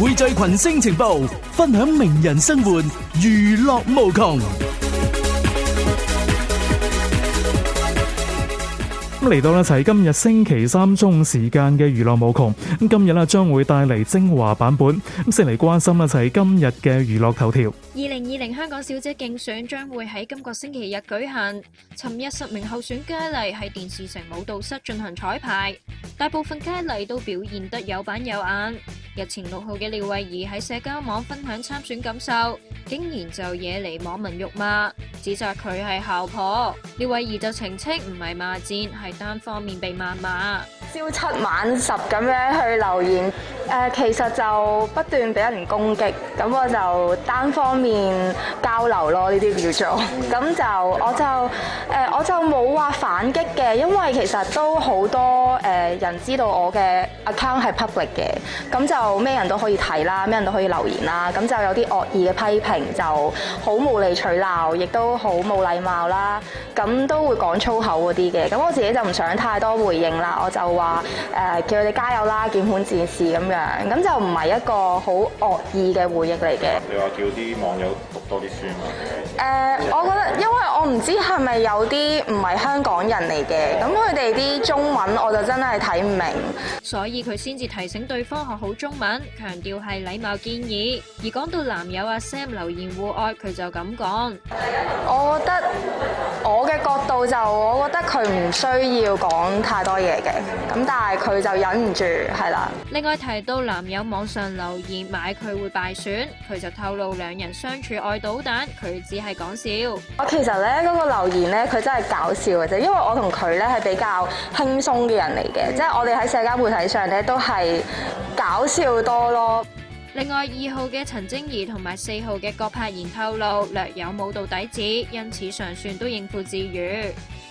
匯聚群星情報，分享名人生活，娛樂無窮。咁嚟到咧，就係今日星期三中午時間嘅娛樂無窮。咁今日咧將會帶嚟精華版本。咁先嚟關心啦，就係今日嘅娛樂頭條。二零二零香港小姐競選將會喺今個星期日舉行。尋日十名候選佳麗喺電視城舞蹈室進行彩排，大部分佳麗都表現得有板有眼。日前六號嘅廖慧儀喺社交網分享參選感受，竟然就惹嚟網民辱罵，指責佢係姣婆。廖慧儀就澄清唔係罵戰，係。 單方面被謾罵朝七晚十咁樣，去留言，誒、呃、其實就不斷俾人攻擊，咁我就單方面交流咯，呢啲叫做，咁就我就誒、呃、我就冇話反擊嘅，因為其實都好多誒人知道我嘅 account 係 public 嘅，咁就咩人都可以睇啦，咩人都可以留言啦，咁就有啲惡意嘅批評就好無理取鬧，亦都好冇禮貌啦，咁都會講粗口啲嘅，咁我自己就。就唔想太多回應啦，我就話誒、呃、叫佢哋加油啦，鍵盤戰士咁樣，咁就唔係一個好惡意嘅回應嚟嘅。你話叫啲網友？多啲、uh, 我覺得，因為我唔知係咪有啲唔係香港人嚟嘅，咁佢哋啲中文我就真係睇唔明，所以佢先至提醒對方學好中文，強調係禮貌建議。而講到男友阿 Sam 留言互愛，佢就咁講：我覺得我嘅角度就，我覺得佢唔需要講太多嘢嘅。咁但係佢就忍唔住，係啦。另外提到男友網上留言買佢會敗選，佢就透露兩人相處愛搗蛋，佢只係講笑。我其實咧嗰個留言咧，佢真係搞笑嘅啫，因為我同佢咧係比較輕鬆嘅人嚟嘅，即係我哋喺社交媒體上咧都係搞笑多咯。另外二號嘅陳貞儀同埋四號嘅郭柏妍透露，略有舞蹈底子，因此尚算都應付自如。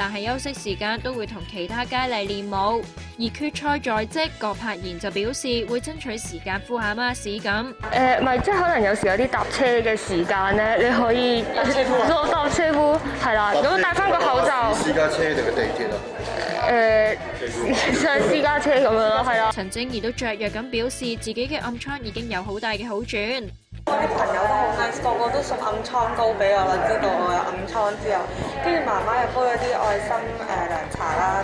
但係休息時間都會同其他佳麗練舞，而決賽在即，郭柏妍就表示會爭取時間敷下 mask 咁、欸。誒，唔係，即係可能有時有啲搭車嘅時間咧，你可以坐搭、嗯嗯喔、車敷，係啦，咁、嗯、戴翻個口罩。啊、私、私家車定個地鐵啊？誒、欸，上私家車咁樣咯，係啊。陳靜怡都雀躍咁表示自己嘅暗瘡已經有好大嘅好轉。我啲朋友都好 nice，個個都送暗瘡膏俾我啦，知道我有暗瘡之後，跟住媽媽又煲咗啲愛心誒涼茶啦。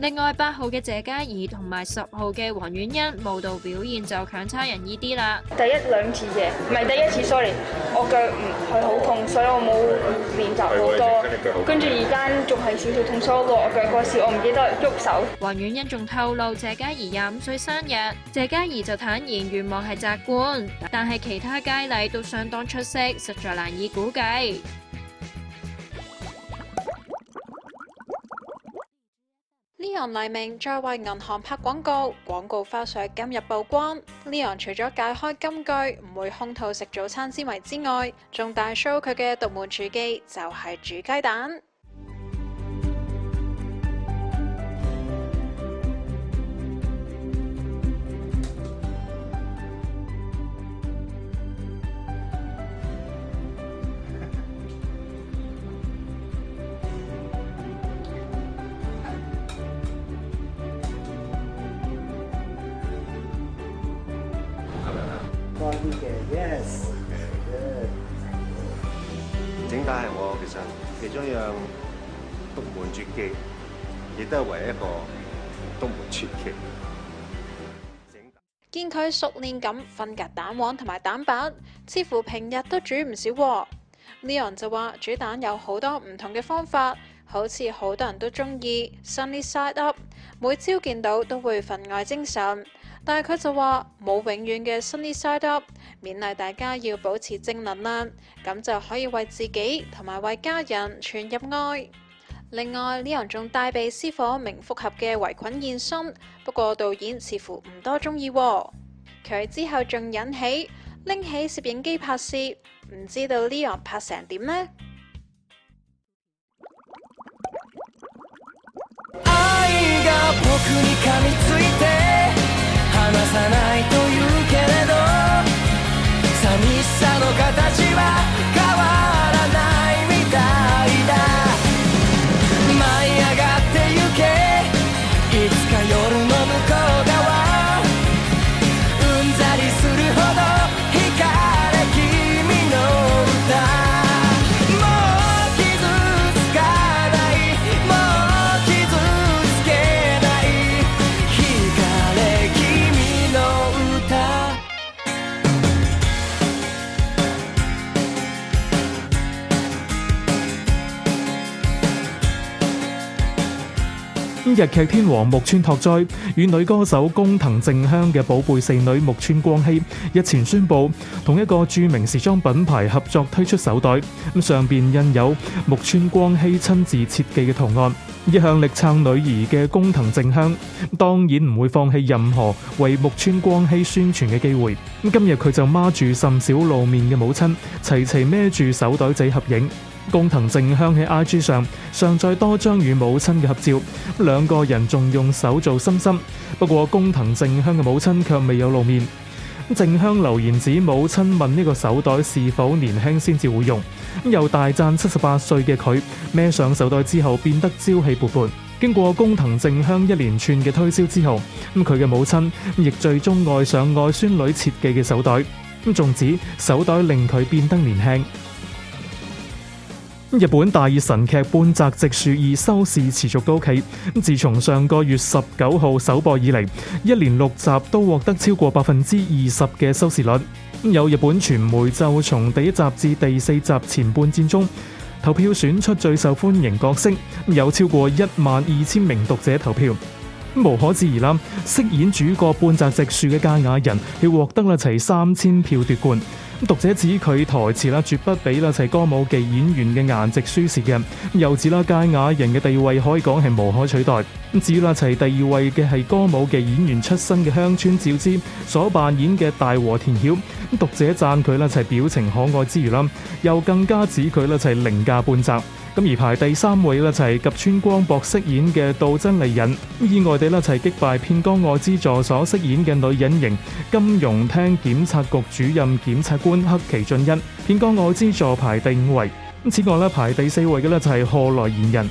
另外八號嘅謝嘉怡同埋十號嘅黃婉欣舞蹈表現就強差人意啲啦。第一兩次嘅，唔係第一次，sorry，我腳唔係好痛，所以我冇練習好多，跟住而家仲係少少痛，所以我腳嗰時我唔記得喐手。黃婉欣仲透露謝嘉怡廿五歲生日，謝嘉怡就坦言願望係摘冠，但係其他佳麗都相當出色，實在難以估計。.黎明再為銀行拍廣告，廣告花絮今日曝光。Leon 除咗解開金句唔會空肚食早餐之謎之外，仲大 show 佢嘅獨門廚技，就係、是、煮雞蛋。整蛋係我，其實其中一樣獨門絕技，亦都係唯一個獨門絕技。 見佢熟練咁瞓，隔蛋黃同埋蛋白，似乎平日都煮唔少喎。Leon 就話煮蛋有好多唔同嘅方法，好似好多人都中意 sunny side up，每朝見到都會份外精神。但係佢就話冇永遠嘅 sunny side up，勉勵大家要保持正能量，咁就可以為自己同埋為家人傳入愛。另外 Leon 仲帶備私伙名復合嘅圍裙現身，不過導演似乎唔多中意，哦。佢之後仲引起拎起攝影機拍攝，唔知道 Leon 拍成點呢？日劇天王木村拓哉與女歌手工藤靜香嘅寶貝四女木村光希日前宣布同一個著名時裝品牌合作推出手袋，咁上邊印有木村光希親自設計嘅圖案。一向力撐女兒嘅工藤靜香當然唔會放棄任何為木村光希宣傳嘅機會。今日佢就孖住甚少露面嘅母親，齊齊孭住手袋仔合影。工藤靜香喺 IG 上上載多張與母親嘅合照，兩個人仲用手做心心。不過工藤靜香嘅母親卻未有露面。靜香留言指母親問呢個手袋是否年輕先至會用，又大讚七十八歲嘅佢孭上手袋之後變得朝氣勃勃。經過工藤靜香一連串嘅推銷之後，咁佢嘅母親亦最終愛上外孫女設計嘅手袋，仲指手袋令佢變得年輕。日本大熱神劇《半澤直樹》二收視持續高企，自從上個月十九號首播以嚟，一連六集都獲得超過百分之二十嘅收視率。有日本傳媒就從第一集至第四集前半戰中投票選出最受歡迎角色，有超過一萬二千名讀者投票，無可置疑啦。飾演主角半澤直樹嘅堺雅人，佢獲得咗齊三千票奪冠。讀者指佢台詞啦，絕不俾啦齊歌舞伎演員嘅顏值輸蝕嘅，又指啦堺雅人嘅地位可以講係無可取代。指啦齊第二位嘅係歌舞伎演員出身嘅香川照之所扮演嘅大和田曉，咁讀者讚佢啦齊表情可愛之餘啦，又更加指佢啦齊凌駕半澤。咁而排第三位就齊及川光博飾演嘅渡真利忍。意外地啦齊擊敗片岡愛之助所飾演嘅女人型金融廳檢察局主任檢察官。潘黑奇俊恩，片岡愛之助排第五位。咁此外咧，排第四位嘅咧就係賀來賢人。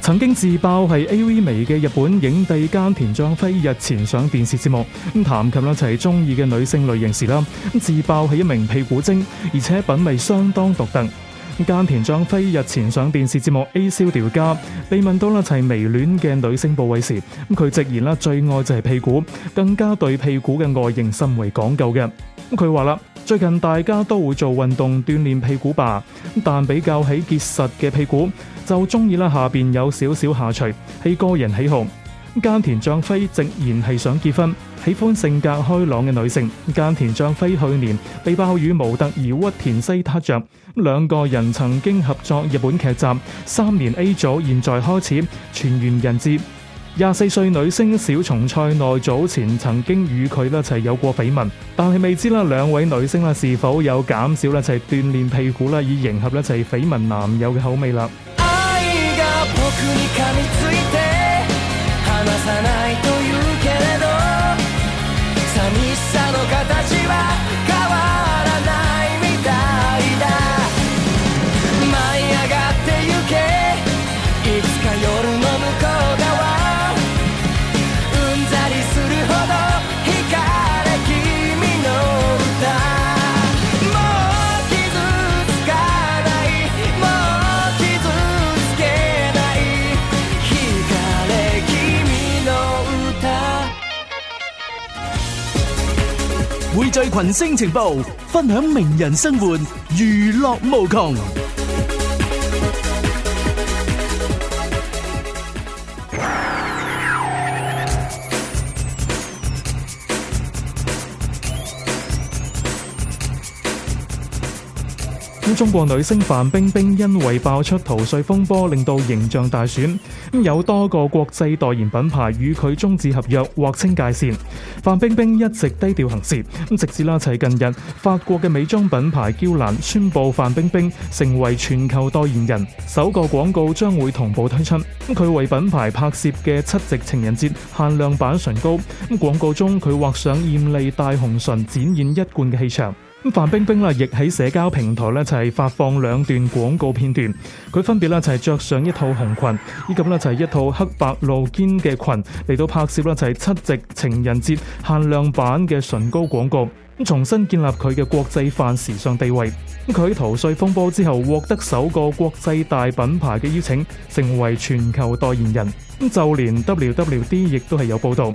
曾經自爆係 A V 迷嘅日本影帝間田壯飛日前上電視節目，咁談及啦齊中意嘅女性類型時啦，咁自爆係一名屁股精，而且品味相當獨特。咁間田壯飛日前上電視節目 A 銷調教，被問到啦齊迷戀嘅女性部位時，咁佢直言啦最愛就係屁股，更加對屁股嘅外形甚為講究嘅。佢話啦，最近大家都會做運動鍛鍊屁股吧，但比較起結實嘅屁股，就中意啦下邊有少少下垂，係個人喜好。咁菅田將暉直言係想結婚，喜歡性格開朗嘅女性。菅田將暉去年被爆與模特兒屈田西擦著，咁兩個人曾經合作日本劇集，三年 A 組現在開始全員人質。廿四歲女星小松菜奈早前曾經與佢一齊有過緋聞，但係未知啦，兩位女星啦是否有減少一齊、就是、鍛鍊屁股啦，以迎合一齊緋聞男友嘅口味啦。 匯聚群星情報，分享名人生活，娛樂無窮。咁中國女星范冰冰因為爆出逃稅風波，令到形象大損，有多個國際代言品牌與佢終止合約，劃清界線。范冰冰一直低調行事，直至啦，喺近日，法國嘅美妝品牌嬌蘭宣佈范冰冰成為全球代言人，首個廣告將會同步推出。佢為品牌拍攝嘅七夕情人節限量版唇膏，廣告中佢畫上艷麗大紅唇，展現一貫嘅氣場。范冰冰啦，亦喺社交平台咧，就係發放兩段廣告片段。佢分別咧就係着上一套紅裙，以及咧就係一套黑白露肩嘅裙嚟到拍攝咧，就係七夕情人節限量版嘅唇膏廣告。咁重新建立佢嘅國際範時尚地位。佢喺逃稅風波之後，獲得首個國際大品牌嘅邀請，成為全球代言人。咁就連 WWD 亦都係有報道。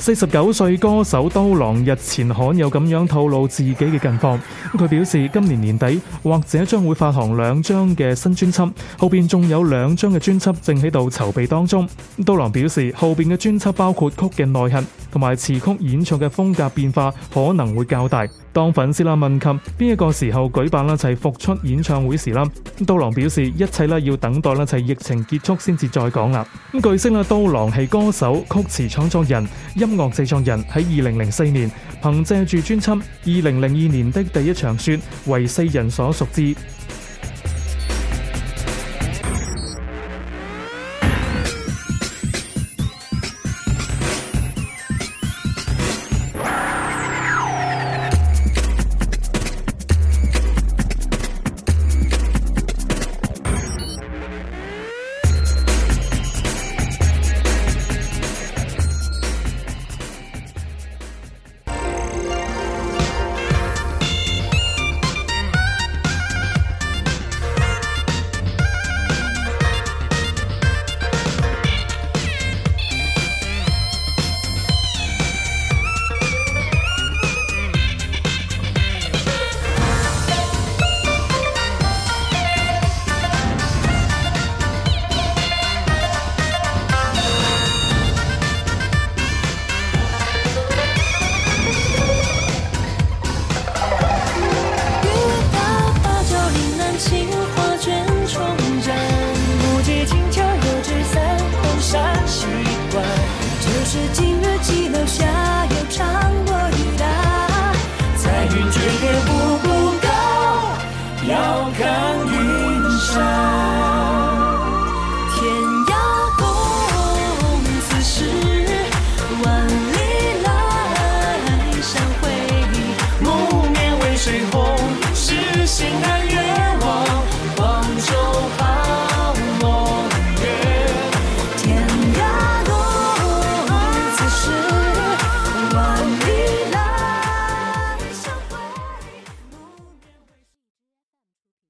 四十九歲歌手刀郎日前罕有咁樣透露自己嘅近況，佢表示今年年底或者將會發行兩張嘅新專輯，後邊仲有兩張嘅專輯正喺度籌備當中。刀郎表示後邊嘅專輯包括曲嘅內核同埋詞曲演唱嘅風格變化可能會較大。當粉絲啦問及邊一個時候舉辦啦一齊復出演唱會時啦，刀郎表示一切啦要等待啦一齊疫情結束先至再講啦。咁據悉啦，刀郎係歌手、曲詞創作人、音樂製作人，喺二零零四年憑借住專輯《二零零二年的第一場雪》為世人所熟知。